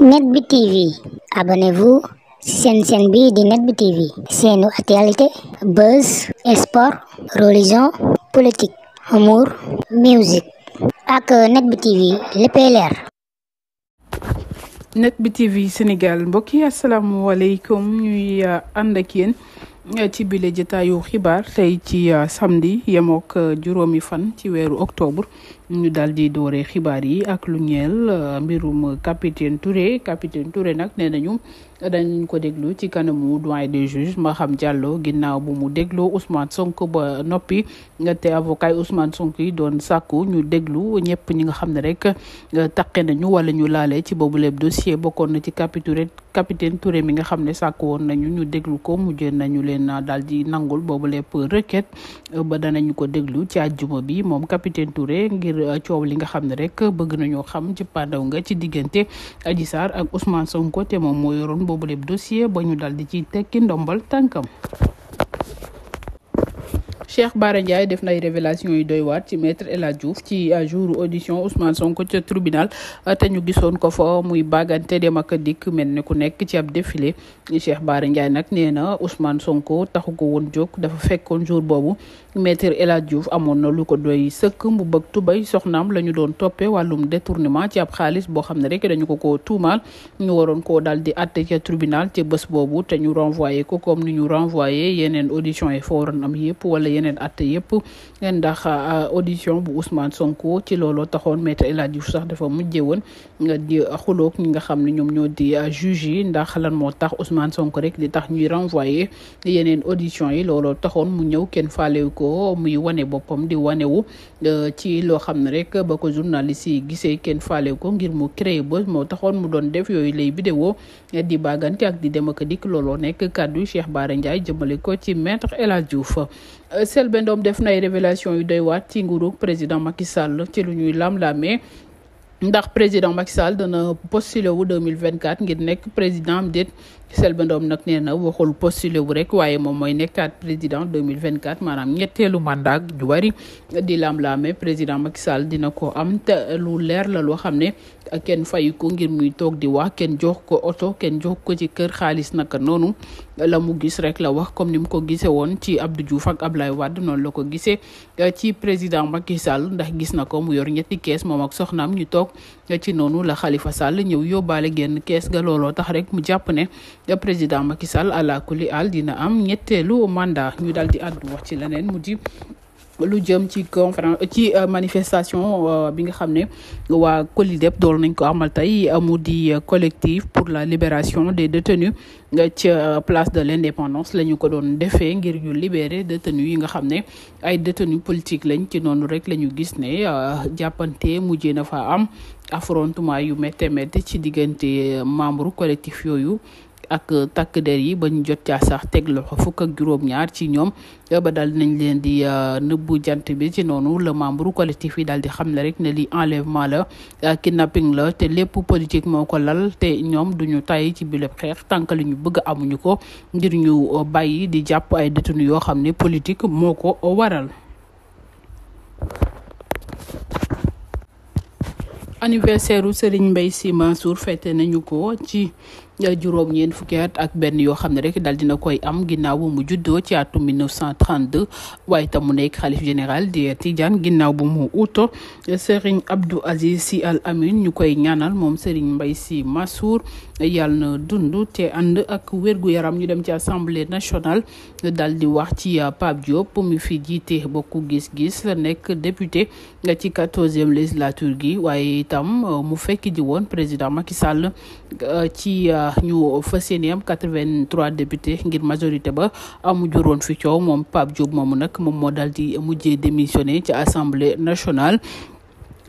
net bi tv abonnez-vous seen seen bi di net bi tv seenu actualité buzz sport religion politique humour musique ak net bi tv léppay leer net bi tv sénégal mbokk yi asalaamualeykum ñuy uh, ànd ak yéen uh, ci bile jotaayu xibaar tey ci uh, samedi yemook juróomi fan ci weeru octobre ñu daal di doore xibaar yi ak lu ñeel euh, mbirum capitaine Touré capitaine Touré nag nee nañu dañ ko déglu ci kanamu doyen des ma xam Diallo ginnaaw bu mu dégloo Ousmane Sonko ba noppi nga te avocat Ousmane sonk yi doon sàkku ñu déglu ñëpp ñi nga xam ne rek euh, taqe nañu wala ñu laale ci boobu lépp dossier bokkoon na ci capitaine capitaine Touré mi nga xam ne sàkku woon nañu ñu déglu ko mujjee nañu leen daal di nangul boobu lépp requête euh, ba danañu ko déglu ci àjjuma bi moom capitaine Touré ngir. Uh, coow li nga xam ne rek bëgg nañoo xam ci pandaw nga ci diggante Adji Sarr ak usmaan Sonko moom moo yoroon boobu lépp dossier ba ñu dal di ciy tekki ndombal tànkam Cheikh Bara Ndiaye def na ay révélation yu doy waat ci maître El Hadj Diouf ci euh, jour audition Ousmane Sonko ca tribunal euh, te ñu gisoon ko fa muy bagante dem ak dikk mel ni ku nekk ci ab défilé Cheikh Bara Ndiaye nag nee na Ousmane Sonko taxu ko woon jog dafa fekkoon jour boobu maître El Hadj Diouf amoon na lu ko doy sëkk mu bëgg tubay soxnaam la ñu doon toppee wàllum détournement ci ab xaalis boo xam ne rek dañu ko koo tuumaal ñu waroon koo daal di àtte ca tribunal ci boobu te ñu renvoyé ko comme ni ñu renvoyé yeneen audition yi fa waroon yëpp wala yeneen at yëpp ndax euh, audition bu Ousmane Sonko ci looloo taxoon maître El Hadji sax dafa mujjee woon euh, di xuloog ñi nga xam ne ñoom ñoo di euh, juge yi ndax lan moo tax Ousmane Sonko rek di tax ñuy renvoyer yeneen audition yi looloo taxoon mu ñëw kenn faalewu ko muy wane boppam di wanewu ci loo xam ne rek ba ko journaliste yi gisee kenn faalewu ko ngir mu créer bës moo taxoon mu doon def yooyu lay vidéo di bagante ak di dem ak dikk looloo nekk kàddu Cheikh Selbé Ndom def na ay révélation yu doy waat ci nguuru président Macky Sall ci lu ñuy lam-lamee ndax président Macky Sall dana postulé wu 2024 ngir nekk président am déet Selbé nag nee na waxul postulé bu rek waaye moom mooy nekkaat président 2024 maanaam ñetteelu mandat ñu wari di lam-laame président Macky Sall dina ko am lu leer la loo xam ne kenn fayu ko ngir muy toog di wax kenn jox ko oto kenn jox ko ci kër xaalis naka noonu la mu gis rek la wax comme ni mu ko gisee woon ci Abdou Diouf ak Ablaye Wade noonu la ko gisee ci président Macky Sall ndax gis na ko mu yor ñetti kees moom ak soxnaam ñu toog ci noonu la Khalifa Sall ñëw yóbbaale genn kees ga looloo tax rek mu jàpp ne président Macky Sall ala kuli al dina am ñetteelu mandat ñu daal di àddu wax ci leneen mu di lu jëm ci conférence ci euh, manifestation euh, bi nga xam ne waa COLIDEP doon nañ ko amal tey euh, mu di collectif pour la libération des détenus ca place de l'indépendance la ñu ko doon defee ngir ñu libérer détenus yi nga xam ne ay détenus politique lañ ci noonu rek la ñu gis ne jàppante mujjee na fa am affrontement yu métte métte ci diggante membre collectif yooyu ak takk der yi ba ñu jot ca sax teg loxo fukk ak juróom-ñaar ci ñoom ba daal nañ leen di euh, nëbbu jant bi ci noonu le membre collectif yi dal di xam ne rek ne li enlèvement la euh, kidnapping la te lépp politique moo ko lal te ñoom duñu tay ci biléb xeex tànk ñu bëgg amuñu ko ngir ñu euh, bàyyi di jàpp ay détenu yoo xam ne politik moo ko waral anniversaire u Serigne nañu ko ci juróom ñeen fukki ak benn yoo xam ne rek daal dina koy am ginnaaw bu mu juddoo ci atum 1932 waaye itam mu nekk xalif général di tiijan ginnaaw bu mu uto Serigne Abdou Aziz si Al Amin ñu koy ñaanal moom Serigne Mbaye si Mansour yàlla na dund te ànd ak wérgu yaram ñu dem ci assemblée nationale daal di wax ci euh, Pape Diop mi fi jiite bokk gis-gis nekk député ci quatorzième législature gi waaye itam euh, mu fekk ji woon président Macky Sall euh, ci ñu fas am quatre-vingt-trois députés ngir majorité ba amu ah, juróon fi coow moom Pape Diop moomu nag moom moo daal di mujjee démissionné ci assemblée nationale.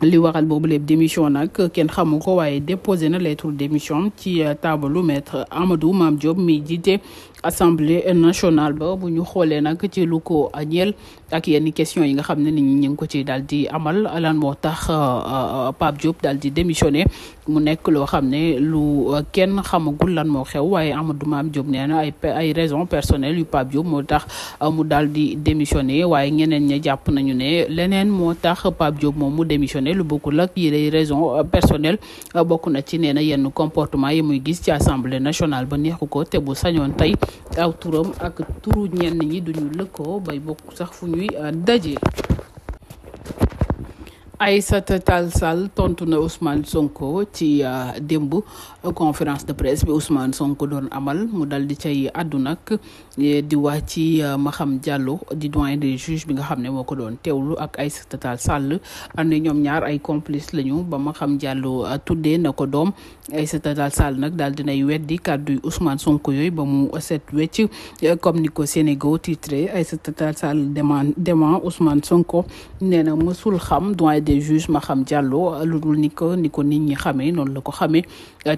li waral boobu lépp démission nag kenn xamu ko waaye déposé na lettre démission ci euh, taabalu maître Amadou maam Diop mi jiite assemblée nationale ba bu ñu xoolee nag ci lu ko ñeel ak yenn question yi nga xam ne ni ñi ñu ngi ko ci daal di amal lan moo tax euh, euh, Pape Diop daal di démissionné mu nekk loo xam ne lu euh, kenn xamagul lan moo xew waaye Amadou Mame Diop nee na ay ay raisons personnelles yu Pape Diop moo tax mu dal di démissionné waaye ñeneen ña jàpp nañu ne leneen moo tax Pape Diop moom mu démissionné lu bokkul ak yi raison personnelle bokk na ci nee na yenn comportement yi muy gis ci assemblée nationale ba neexu ko te bu tey. aw turam ak turu ñenn ñi duñu lëkkoo bay bokk sax fu ñuy euh, daje. ay Tall Sall tontu na Ousmane Sonko ci euh, démb conférence de presse bi Ousmane Sonko doon amal mu dal cay àddu nag e, di wax ci euh, ma xam jàlloo di doyen des juges bi nga xam ne woo ko doon teewlu ak ay Tall sàll am na ñoom ñaar ay complice lañu ba Maham Diallo tuddee na ko doom Aïssata Tall Sall nag daal dinay weddi kàddu yu Ousmane Sonko yooyu ba mu set wecc comme ni ko Sénégal titré Aïssata Tall Sall demande demande Ousmane Sonko nee na mësul xam doyen des ma xam Diallo lu dul ni ko ni ko nit ñi xamee noonu la ko xamee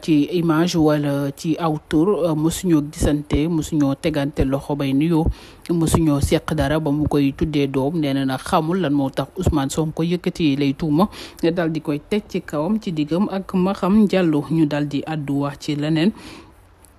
ci image wala ci aw tur mësuñoo gisante mësuñoo tegante loxo bay nuyoo mësuñoo seq dara ba mu koy tuddee doom nee na xamul lan moo tax Ousmane Sonko yëkkati lay tuuma daal di koy teg ci kawam ci diggam ak Maham Diallo. ñu dal di addu wax ci leneen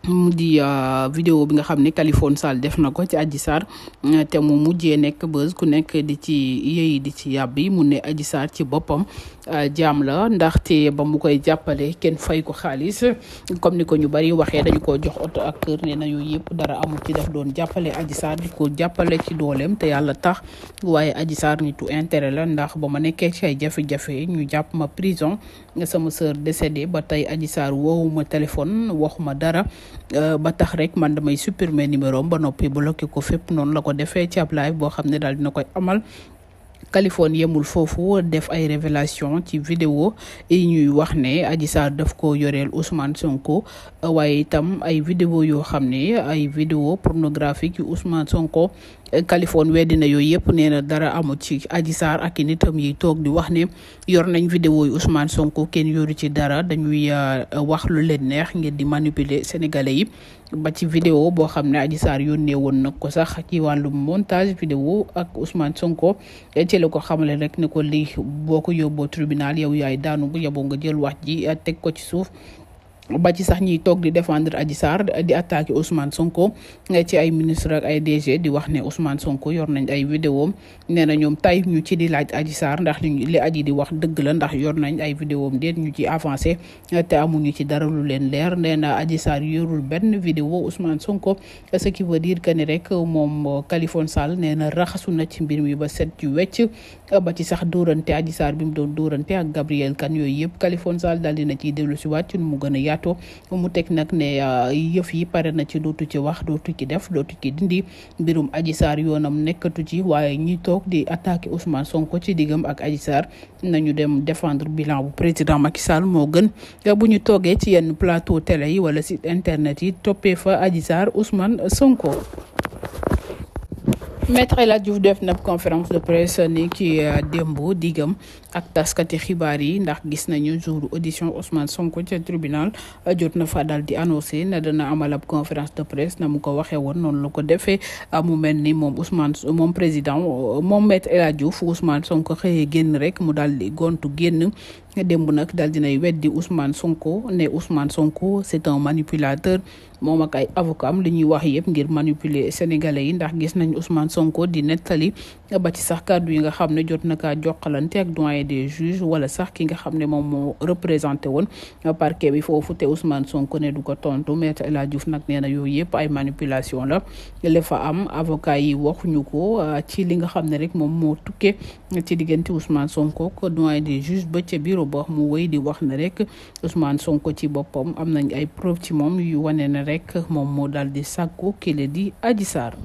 mu di euh, vidéo bi nga xam ne Kaliphone Sall def na ko ci Adji Sarr euh, te mu mujjee nekk bës ku nekk di ci yeey di ci yàbbi mu ne Adji saar ci boppam euh, jaam la ndaxte ba mu koy jàppale kenn fay ko xaalis comme ni ko ñu bari waxee dañu ko jox oto ak kër ne nañu yëpp dara amul ci daf doon jàppale Adji Sarr ko jàppale ci dooleem te yàlla tax waaye Adji Sarr nitu intérêt la ndax ba ma nekkee ci jafe-jafe ñu jàpp ma prison sama sœur décédée ba tey Adji Sarr woowuma téléphone waxuma dara euh, ba tax rek man may supprimer numéro am ba noppi bloqué ko fépp noonu la ko defee ci ab live boo xam ne daal dina koy amal Californie yemul foofu def ay révélation ci vidéo yi ñuy wax ne Adji Sarr daf ko yoreel Ousmane Sonko waaye itam ay vidéo yoo xam ne ay vidéo pornographique yu Ousmane Sonko Kaliphone weddi na yooyu yëpp nee na dara amu ci Adji Sarr ak i nitam yi toog di wax ne yor nañ vidéo yi Ousmane Sonko ken yoru ci dara dañuy euh, wax lu leen neex ngeen di manipuler sénégalais yi ba ci vidéo boo xam ne Adji Sarr yónnee woon na ko sax ci wàllum montage vidéo ak Ousmane Sonko ci la ko xamale rek ne ko lii boo ko yóbboo tribunal yow yaay daanu yaboo nga jël wax ji teg ko ci suuf ba ci sax ñi toog di défendre Adji Sarr di attaquer Ousmane Sonko eh, ci ay ministre ay DG di wax ne Ousmane Sonko yor nañ ay vidéom nee na ñoom tay ñu ci di laaj Adji Sarr ndax li aji di wax dëgg la ndax yor nañ ay vidéom déet ñu ci avancé eh, te amuñu ci dara lu leen leer nee na Adji Sarr yorul benn vidéo Ousmane Sonko eh, ce qui veut dire que ni rek moom Khaliphone Sall nee na raxasu na ci mbir wi ba set ci wecc ba ci sax dóorante Adji Sarr bi mu doon dorante ak Gabriel Kane yooyu yëpp Khaliphone Sall daal dina ciy dellu si waat yaatu mu teg nag ne euh, yëf yi pare na ci dootu ci wax dootu ci def dootu ci dindi mbirum Adji Sarr yoonam nekkatu ci waaye ñi toog di attaqué Ousmane Sonko ci diggam ak Adji nañu dem défendre bilan bu président Macky Sall moo gën bu ñu toogee ci yenn plateau télé yi wala site internet yi toppee fa Adji Sarr Ousmane Sonko. Maître El Hadji def na conférence de presse ni ki euh, démb diggam ak taskati xibaar yi ndax gis nañu jour audition Ousmane Sonko ca tribunal euh, jot na fa dal di annoncé na dana amal ab conférence de presse na mu ko waxee woon noonu la ko defee euh, mu mel ni moom Ousmane moom président euh, moom Maître El Hadji Diouf Ousmane Sonko xëyee génn rek mu daal di gontu génn démb nag daal dinay weddi Ousmane Sonko ne Ousmane Sonko c'est un manipulateur moom ak ay avocat am li ñuy wax yëpp ngir manipuler sénégalais yi ndax gis nañ Ousmane Sonko di nettali ba ci sax kàddu yi nga xam ne jot na kaa jokkalante ak cabinet des wala sax ki nga xam ne moom moo représenté woon par bi foofu te Ousmane Sonko ne du ko tontu maître El Hadj Diouf nag nee na yooyu yëpp ay manipulation la li fa am avocat yi waxuñu ko ci li nga xam ne rek moom moo tukkee ci diggante Ousmane Sonko ko doyen des ba ca bureau ba mu wéy di wax ne rek Ousmane Sonko ci boppam am nañ ay preuve ci moom yu wane ne rek moom moo dal di sàkku kile di Adji Sarr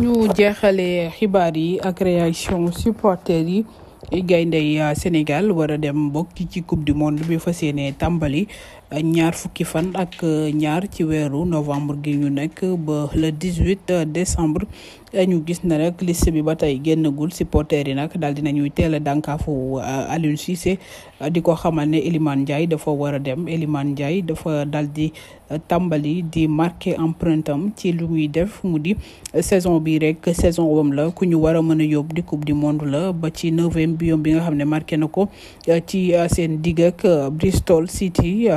ñu jeexale xibaar yi ak réaction supporters yi gayndey euh, Sénégal war a dem bokk ci coupe du monde bi fas yéene tàmbali euh, ñaar fukki fan ak euh, ñaar ci weeru novembre gi ñu nekk ba le 18 décembre ñu gis na rek liste bi ba tey génnagul supporters yi nag daal dinañuy teel a dànkaafu Aliou Cissé di ko xamal ne Elimane Ndiaye dafa war a dem éliment Ndiaye dafa daal di tàmbali di marqué empreinte am ci lu muy def mu di saison bi rek saison wam la ku ñu war a mën di coupe du monde la ba ci neuvième biom bi nga xam ne marke na ko euh, ci euh, seen digg ak euh, Bristol City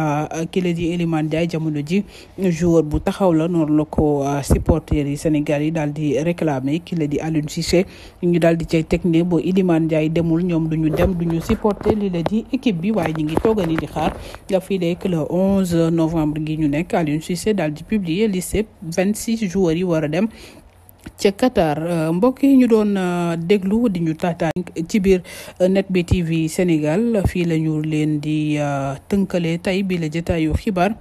kile di Elimane Ndiaye jamono ji joueur bu taxaw la noonu la ko supporters yi Sénégal yi daal di réclamer kile di Aliou Cissé ñu daal di cay teg ne boo Elimane demul ñoom du ñu dem du ñu supporter li la di équipe bi waaye ñu ngi toogani di xaar fii nekk le 11 novembre gi ñu nekk Aliou Cissé daal di publier liste 26 joueurs yi war a dem. ca Qatar euh, mbokk yi ñu doon euh, déglu di ñu taataan ci biir euh, net bi TV Sénégal fii la ñu leen di tënkale tey bi la jotaayu xibaar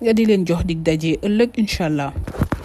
di leen jox dig daje ëllëg incha allah.